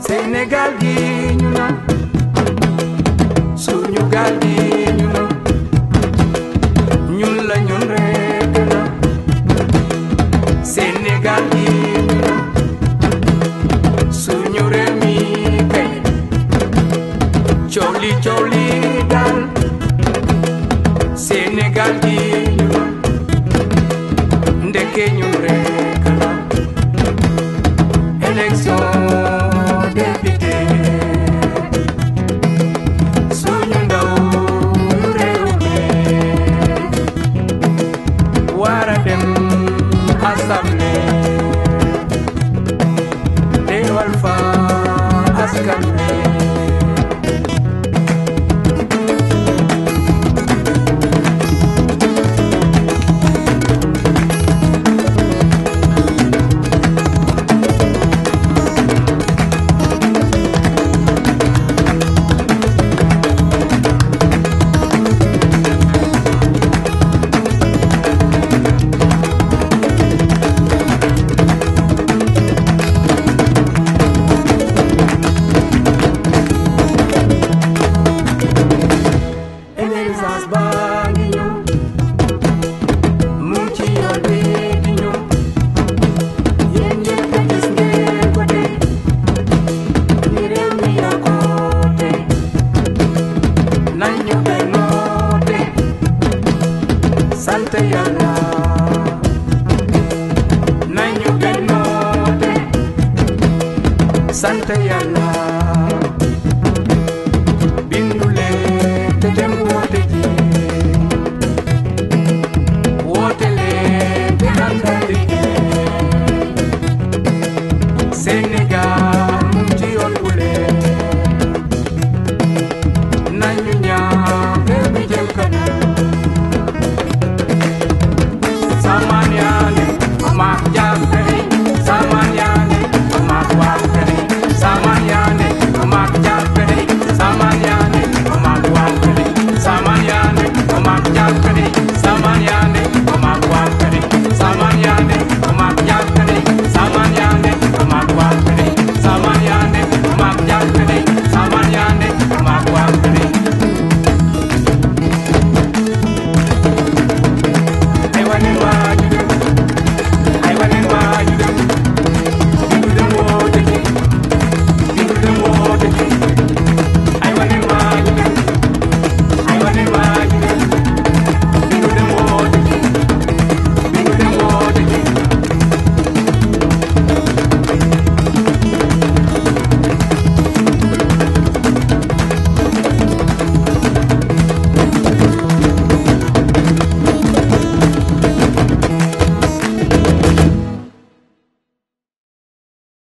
Sénégal Guinea, ñu naan li coow li Sénégal di, ndeke ñu rek la élection député suñu ndaw réew mi war a dem assemblée teewal fa askan Santa y